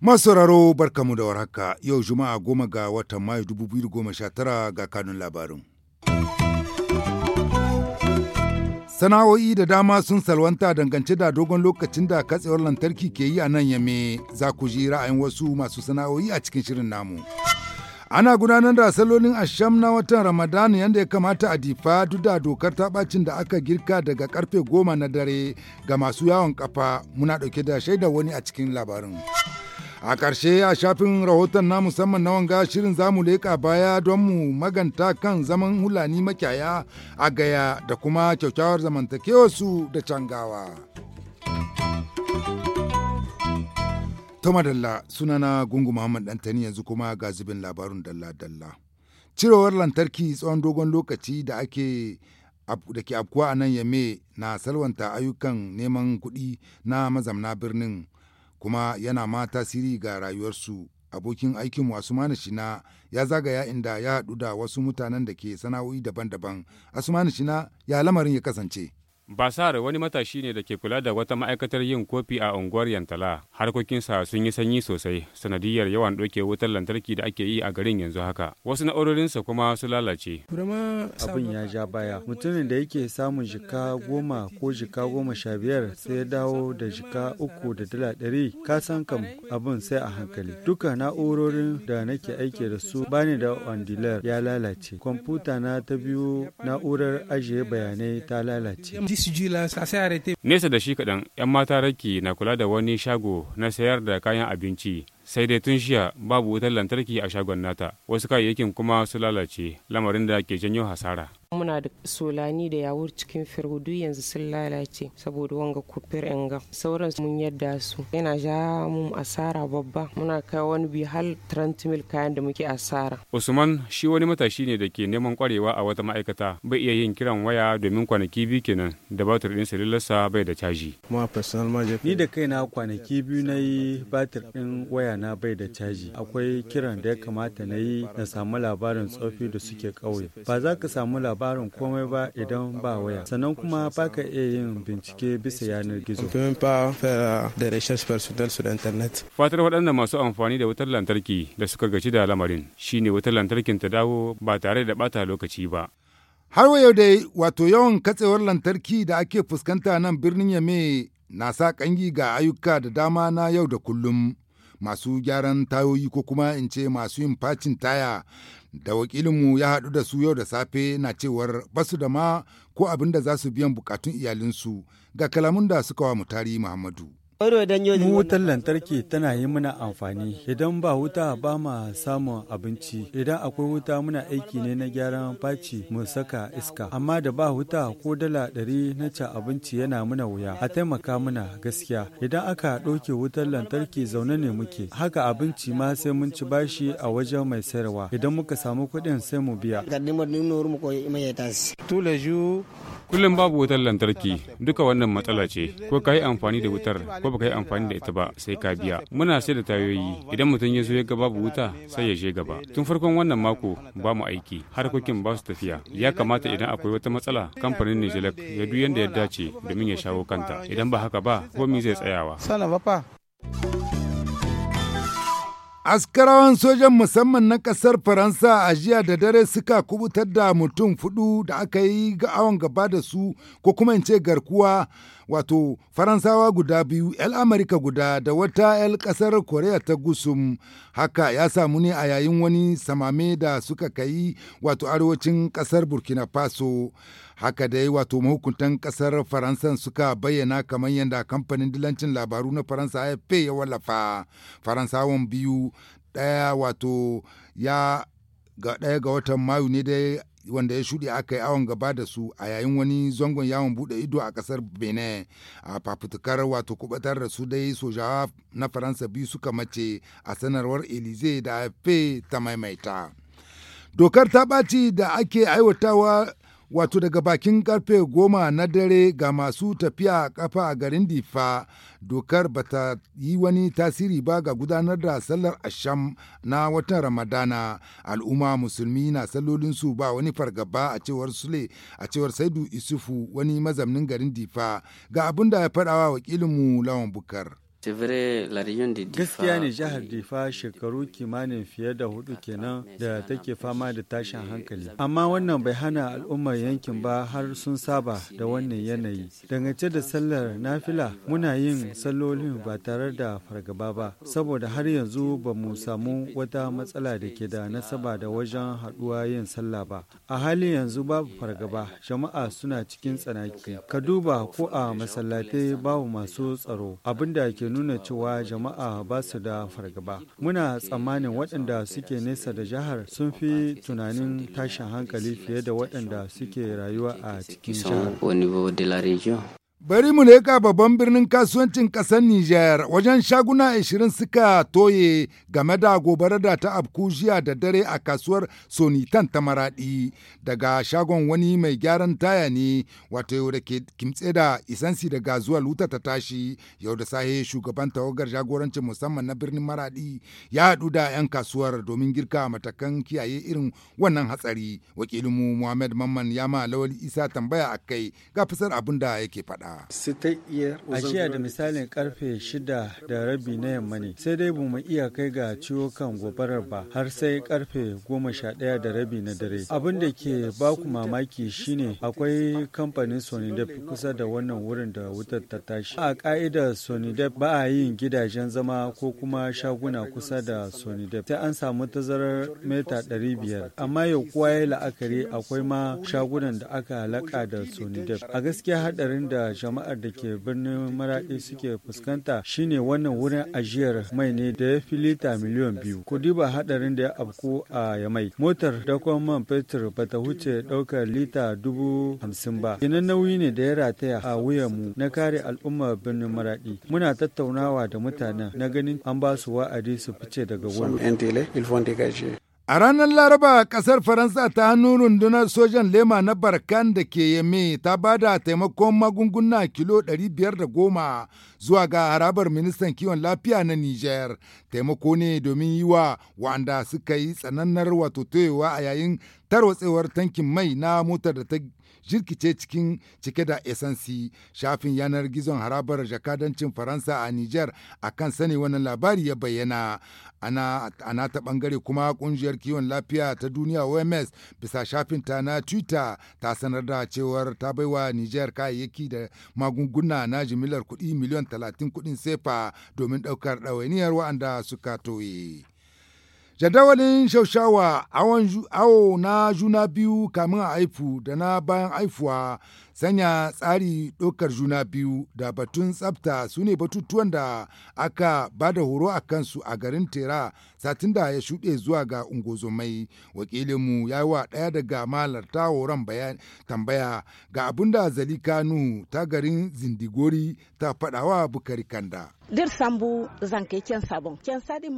Masu raro, masauraro barkamu da warhaka yau juma'a goma ga watan mayu 2019 ga kanun labarin sana'o'i da dama sun salwanta dangance da dogon lokacin da katsewar lantarki ke yi a nan yame za ku ji ra'ayin wasu masu sana'o'i a cikin shirin namu. ana gudanar da salolin asham na watan ramadan yadda ya kamata a difa duk da dokar ta bacin da aka girka daga karfe goma na dare ga masu yawon kafa muna dauke da shaida wani a cikin labarin a ƙarshe a shafin rahoton na musamman na wanga shirin zamu leƙa baya don mu maganta kan zaman hulani makyaya a gaya da kuma kyaukyawar su da cangawa. Tamadalla, madalla sunana Gungu Muhammad Dantani yanzu kuma ga zubin labarun dalla-dalla. Cirewar lantarki tsawon dogon lokaci da ake da ke afkuwa a nan yame na salwanta ayyukan neman kuɗi na mazamna birnin kuma yana ma tasiri ga rayuwarsu abokin aikin asumani shina ya zagaya inda ya haɗu da wasu mutanen da ke sana'o'i daban-daban asumani shina ya lamarin ya kasance Basar wani matashi ne da ke kula da wata ma'aikatar yin kofi a unguwar Yantala. Harkokinsa sun yi sanyi sosai sanadiyar yawan ɗauke wutar lantarki da ake yi a garin yanzu haka. Wasu na'urorinsa kuma su lalace. Abin ya ja baya. Mutumin da yake samun jika goma ko jika goma sha biyar sai ya dawo da jika uku da dala ɗari. Ka san kam abin sai a hankali. Duka na'urorin da nake aiki da su bani da wandilar ya lalace. Kwamfuta na ta biyu na'urar ajiye bayanai ta lalace. Nesa da shi kaɗan, 'yan mata raki na kula da wani shago na sayar da kayan abinci. Sai dai tun shiya babu wutar lantarki a shagon nata, wasu kayayyakin kuma su lalace, lamarin da ke janyo hasara. muna da solani da yawur cikin firgudu yanzu sun lalace saboda wanga kufir ga sauran mun yadda su yana ja mu asara babba muna kai wani bi hal 30 mil kayan da muke asara usman shi wani matashi ne da ke neman kwarewa a wata ma'aikata bai iya yin kiran waya domin kwanaki biyu kenan da batir din salularsa bai da caji ni da kaina kwanaki biyu na yi batir din waya na bai da caji akwai kiran da ya kamata na yi na samu labarin tsofi da suke kauye ba za ka samu labarin labarin komai ba idan ba waya sannan kuma ka iya yin bincike bisa yanar gizo euh, fatar waɗanda masu amfani da wutar lantarki da suka gaci da lamarin shine wutar lantarkin ta dawo ba tare da bata lokaci ba har wa yau dai wato yawan katsewar lantarki da ake fuskanta nan birnin yame na sa kangi ga ayyuka da dama na yau da kullum masu gyaran tayoyi ko kuma in ce masu yin facin taya da wakilinmu ya haɗu da su yau da safe na cewar basu da ma ko abin da za su biyan bukatun iyalinsu ga kalamun da suka wa mutari muhammadu Wutar lantarki tana yi mana amfani. Idan ba wuta ba ma samun abinci. Idan akwai wuta muna aiki ne na gyaran faci mu saka iska. Amma da ba wuta ko dala ɗari na ci abinci yana muna wuya. A taimaka muna gaskiya. Idan aka ɗauke wutar lantarki zaune ne muke. Haka abinci ma sai mun ci bashi a wajen mai sayarwa. Idan muka samu kuɗin sai mu biya. kullum babu wutar lantarki duka wannan matsala ce ko ka yi amfani da wutar ko baka yi amfani da ita ba sai ka biya muna sai da tayoyi idan mutum ya zo ya ga babu wuta sai ya je gaba tun farkon wannan mako ba mu aiki harkokin ba su tafiya ya kamata idan akwai wata matsala kamfanin Nijelek ya duk yanda ya dace domin ya shawo kanta idan ba haka ba komi zai tsayawa Askarawan sojan musamman na ƙasar Faransa a jiya da dare suka kubutar da mutum fudu da aka yi ga awon gaba da su ko kuma in ce garkuwa wato faransawa guda biyu 'yan amurka guda da wata 'yan kasar korea ta gusum haka ya samu ne a yayin wani samame da suka kai wato arewacin kasar burkina faso haka da ya wato mahukuntan kasar faransa suka bayyana kamar yadda kamfanin dilancin labaru na faransa afp ya wallafa faransawan biyu daya wato ya ga ɗaya ga watan mayu ne dai wanda ya shuɗe aka yi awon gaba da su a yayin wani zangon yawon buɗe ido a ƙasar benin a fafutukar wato kubatar da su dai sojawa na faransa biyu suka mace a sanarwar elize da fe ta maimaita dokar ta ɓaci da ake aiwatawa wato daga bakin karfe goma na dare ga masu tafiya a kafa a garin difa dokar ba ta yi wani tasiri ba ga gudanar da sallar asham na watan ramadana al'umma musulmi na sallolinsu ba wani fargaba a cewar sule a cewar saidu isufu wani mazamnin garin difa ga abin da ya faɗawa wakilinmu lawan bukar Gaskiya ne jihar eh, Difa shekaru kimanin fiye da hudu kenan da take fama da tashin hankali. Amma wannan bai hana al'ummar yankin ba har sun saba da wannan yanayi. Dangance da sallar nafila muna yin sallolin ba tare da fargaba ba, saboda har yanzu ba mu samu wata matsala da ke da nasaba da wajen haɗuwa yin sallah ba. A halin yanzu babu fargaba, jama'a suna cikin tsanaki. Ka duba ko a masallatai babu masu tsaro, abinda ke nuna cewa jama'a ba su da fargaba. Muna tsammanin waɗanda suke nesa da jihar sun fi tunanin tashin hankali fiye da waɗanda suke rayuwa a cikin jihar. Bari mu ne ka babban birnin kasuwancin ƙasar Nijar wajen shaguna 20 suka toye game da gobara da ta afkujiya da dare a kasuwar Sonitan ta Maraɗi daga shagon wani mai gyaran taya ne wato yau da ke kimtse da isansi daga zuwa luta ta tashi yau da sahe shugaban tawagar jagorancin musamman na birnin Maraɗi ya haɗu da 'yan kasuwar domin girka matakan kiyaye irin wannan hatsari wakilinmu Muhammad Mamman ya ma Lawal Isa tambaya a kai ga fasar abin da yake faɗa. A jiya da misalin karfe shida da rabi na yamma ne, sai dai bamu iya kai ga ciwo kan gobarar ba har sai karfe goma sha ɗaya da rabi na dare. Abin da ke baku mamaki shine akwai kamfanin Sonidep kusa da wannan wurin da wutar ta tashi. A ka'idar Sonidep ba a yin gidajen zama ko kuma shaguna kusa da Sonidep. Sai an samu tazarar mita ɗari biyar. Amma yau kowa ya la'akari akwai ma shagunan da aka laƙa da Sonidep. A gaskiya haɗarin da jama'ar da ke birnin maraɗi suke fuskanta shine wannan wurin ajiyar mai ne da ya fi lita miliyan biyu ku diba haɗarin da ya afku a yamai motar dakon man fetur ba ta huce ɗaukar lita dubu hamsin ba ina nauyi ne da ya rataya a mu. na kare al'ummar birnin maraɗi muna tattaunawa da mutanen na ganin an ba su wa'adi su fice daga wurin A ranar Laraba, ƙasar Faransa ta hannu rundunar sojan lema na Barkan da ke yame ta ba da taimakon magunguna kilo 510 zuwa ga harabar ministan kiwon lafiya na Nijar. Taimako ne domin yi wa wa'anda suka yi tsananar wato toyewa a yayin tarwatsewar tankin mai na motar da ta jirkice cikin cike da esansi shafin yanar gizon harabar jakadancin faransa a niger a kan sani wannan labari ya bayyana ana, ta bangare kuma kungiyar kiwon lafiya ta duniya oms bisa shafin ta na twitter ta sanar da cewar ta baiwa niger kayayyaki da magunguna na jimilar kuɗi miliyan 30 kuɗin sefa domin ɗaukar ɗawainiyar waɗanda suka toye. Jadawalin shaushawa awo na juna biyu kamin a haifu da na bayan haifuwa sanya tsari ɗaukar juna biyu da batun tsafta su ne batutuwan da aka ba da horo a kansu a garin tera satin da ya shuɗe zuwa ga ungozomai wakilinmu ya yi wa ɗaya daga malarta horon tambaya ga abin da zali kanu ta garin zindigori ta faɗawa bukari kanda. dir sambu zanke sabon in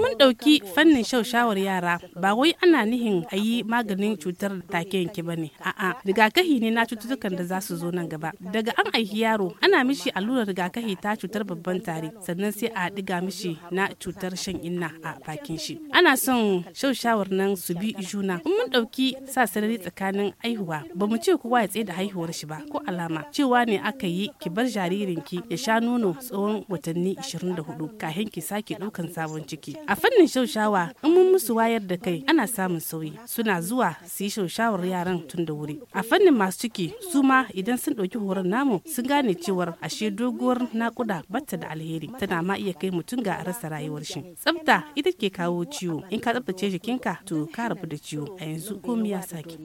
mun dauki fannin shawar yara ba wai ana nihin a yi maganin cutar take yanke ne a'a rigakafi ne na cutar cututtukan da za su zo nan gaba daga an aiki yaro ana mishi allurar rigakafi ta cutar babban tari. sannan sai a diga mishi na cutar shan inna a bakin shi ana son shaushawar nan su bi juna in mun dauki sa sarari tsakanin haihuwa. ba mu ce kowa ya tsaye da haihuwar shi ba ko alama cewa ne aka yi ki bar jaririnki ya sha nono tsawon watanni 24 kafin ki sake daukan sabon ciki a fannin shaushawa in mun musu wayar da kai ana samun sauyi suna zuwa su yi shaushawar yaran tun da wuri a fannin masu ciki su ma idan sun ɗauki horon namu sun gane cewar ashe doguwar nakuda bata da alheri tana ma iya kai mutum ga rasa rayuwar shi tsafta ita ke kawo ciwo in ka tsaftace jikinka to ka rabu da ciwo a yanzu komi ya sake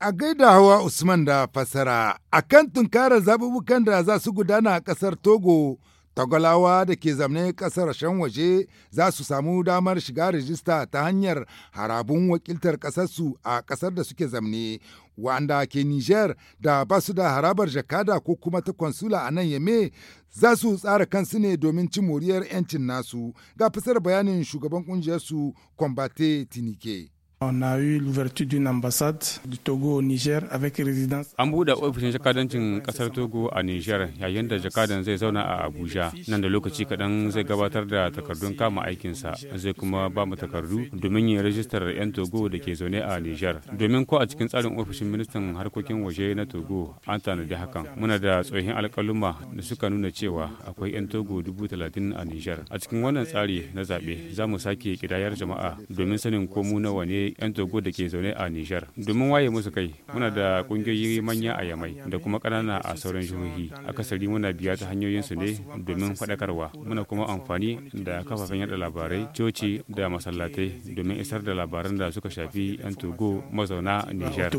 a gaida hawa usman da fasara akan tunkarar zabubukan da za su gudana a ƙasar togo tagwalawa da ke zamne shan waje za su samu damar shiga rijista ta hanyar harabun wakiltar kasarsu a kasar da suke zamne, wanda ke Nijar da ba su da harabar jakada ko kuma ta kwansula a nan yame za su tsara kansu ne domin cin moriyar 'yancin nasu ga fasar bayanin shugaban ƙungiyarsu Kwambate Tinike. On a eu l'ouverture d'une ambassade du Togo au Niger avec résidence. An buɗe ofishin jakadancin ƙasar Togo a Niger yayin da jakadan zai zauna a Abuja. Nan da lokaci kaɗan zai gabatar da takardun kama aikinsa zai kuma ba mu takardu domin yin rajistar 'yan Togo da ke zaune a Niger. Domin ko a cikin tsarin ofishin ministan harkokin waje na Togo an tanadi hakan. Muna da tsohin alƙaluma da suka nuna cewa akwai 'yan Togo dubu talatin a Niger. A cikin wannan tsari na zaɓe za mu sake ƙidayar jama'a domin sanin ko mu nawa ne 'yan togo da ke zaune a nijar domin waye musu kai muna da kungiyoyi manya a yamai da kuma ƙanana a sauran jihohi akasari muna biya ta hanyoyinsu ne domin faɗakarwa muna kuma amfani da kafafen yada labarai coci da masallatai domin isar da labaran da suka shafi 'yan togo mazauna nijar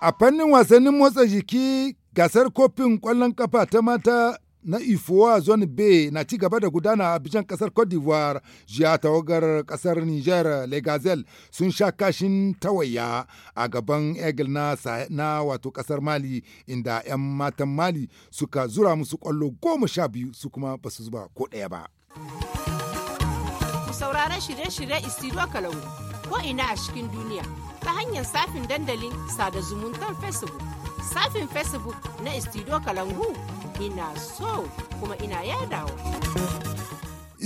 a fannin wasannin motsa jiki gasar kofin kwallon kafa ta mata na ifowa zone b na ci gaba da gudana a bijan kasar cote d'ivoire jiya tawagar kasar niger legazel sun sha kashin tawaya a gaban egil na, na wato kasar mali inda 'yan matan mali suka zura musu kwallo goma sha biyu su kuma ba su zuba ko ɗaya ba sauraron shirye-shirye istiro kalau ko ina a cikin duniya ta hanyar safin dandalin sada zumuntar facebook safin facebook na Studio kalangu ina so kuma ina yadawa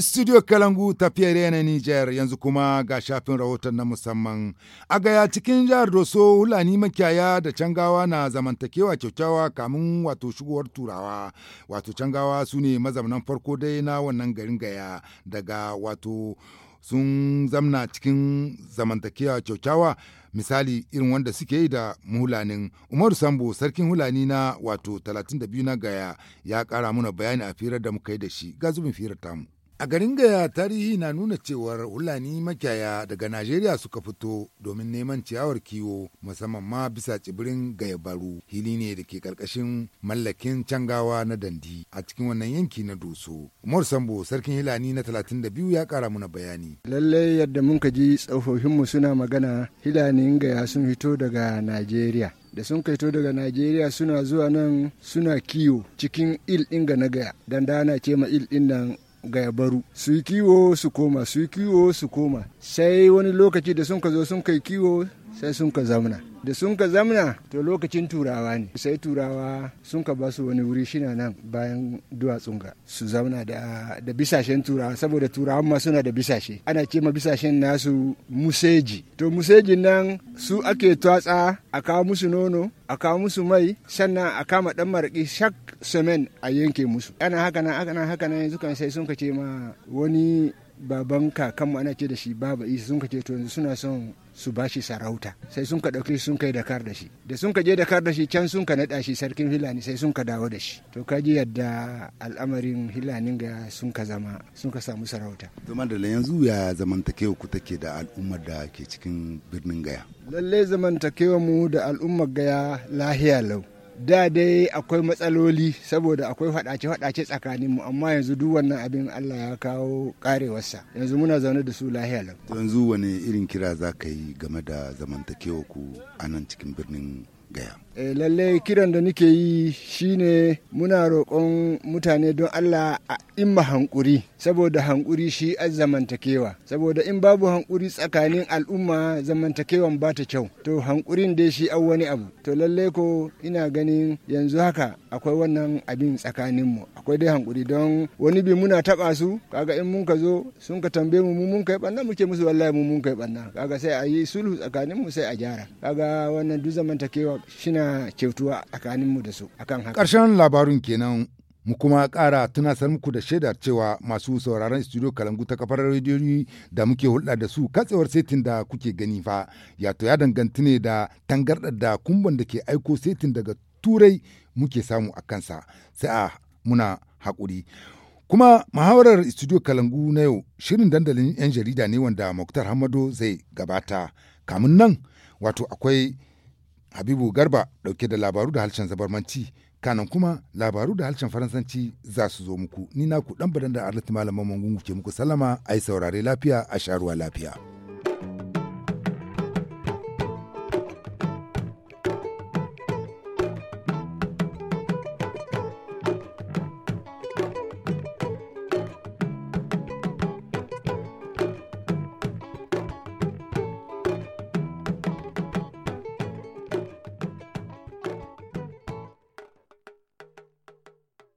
studio kalangu tafiyar yana Nijar yanzu kuma ga shafin rahoton na musamman. A gaya cikin jihar Doso hulani makiyaya da cangawa na zamantakewa kyaukyawa kamun wato shigowar turawa. Wato cangawa su ne mazaunan farko dai na wannan garin gaya daga wato sun zamna cikin zamantakewa kyaukyawa misali irin wanda suke yi da mulanin umaru sambo sarkin hulani na wato 32 na gaya ya kara muna bayani a firar da muka yi da shi ga zubin firar tamu A garin gaya tarihi na nuna cewar Hulani makiyaya daga Najeriya suka fito domin neman ciyawar kiwo musamman ma bisa tsibirin Gayabaru hili ne da ke karkashin mallakin cangawa na dandi a cikin wannan yanki na Doso. Umar Sambo sarkin Hilani na 32 ya kara muna bayani. Lallai yadda mun ka ji tsofaffinmu suna magana Hilanin gaya sun fito daga Najeriya. da sun kaito daga Najeriya suna zuwa nan suna kiwo cikin il ɗin ga na gaya dandana ce ma il ɗin nan ga baru su yi kiwo su koma su yi kiwo su koma sai wani lokaci da sun ka zo sun kai kiwo sai sun ka zamna da sun ka zamna to lokacin turawa ne sai turawa sun ka basu wani wuri shina nan bayan duwatsun ga su zauna da, da bisashen turawa saboda turawan ma suna da bisashe ana ce ma bisashen nasu museji to museji nan su ake twatsa a kawo musu nono a kawo musu mai sannan a kama dan maraki shak semen a yanke musu ana haka nan haka nan yanzu kan sai sun ka ce ma wani baban kakanmu ana ce da shi baba isa sun ce to yanzu suna son su bashi sarauta sai sun ka ɗauke sun kai kar da shi da sun ka je da kar da shi can sun ka naɗa shi sarkin hilani sai sun ka dawo da shi to ka ji yadda al'amarin hilanin ga sun ka zama sun ka samu sarauta zama da yanzu ya zamantakewa ku take da al'ummar da ke cikin birnin gaya Lallai zamantakewa mu da al'ummar gaya lahiya lau da dai akwai matsaloli saboda akwai faɗace-faɗace tsakaninmu amma yanzu duk wannan abin Allah ya kawo karewarsa yanzu muna zaune da su lahiya lau. yanzu wani irin kira za ka yi game da zamantakewa ku a nan cikin birnin gaya. e, lallai kiran da nake yi shine muna roƙon mutane don allah a imma hankuri saboda hankuri shi a zamantakewa saboda in babu hankuri tsakanin al'umma zamantakewan ba ta kyau to hankurin dai shi an wani abu to lallai ko ina ganin yanzu haka akwai wannan abin tsakaninmu akwai dai hankuri don wani bi muna taba su kaga in mun ka zo sun ka tambaye mu mun kai banna muke musu wallahi mu mun kai banna kaga sai a yi sulhu tsakaninmu sai a gyara kaga wannan duk zamantakewa shina karshen kyautuwa da su akan haka ƙarshen labarun kenan mu kuma ƙara tunasar muku da shaidar cewa masu sauraron studio kalangu ta kafar rediyoyi da muke hulɗa da su katsewar setin da kuke gani fa yato ya danganta ne da tangarɗa da kumban da ke aiko setin daga turai muke samu a kansa sai a muna haƙuri kuma muhawarar studio kalangu na yau shirin dandalin 'yan jarida ne wanda muktar hamado zai gabata kamun nan wato akwai Habibu Garba dauke da labaru da harshen zabarmanci kanan kuma labaru da harshen faransanci za su zo muku ni naku dan badan da arlit malaman ke muku sallama ai saurare lafiya a sharuwa lafiya.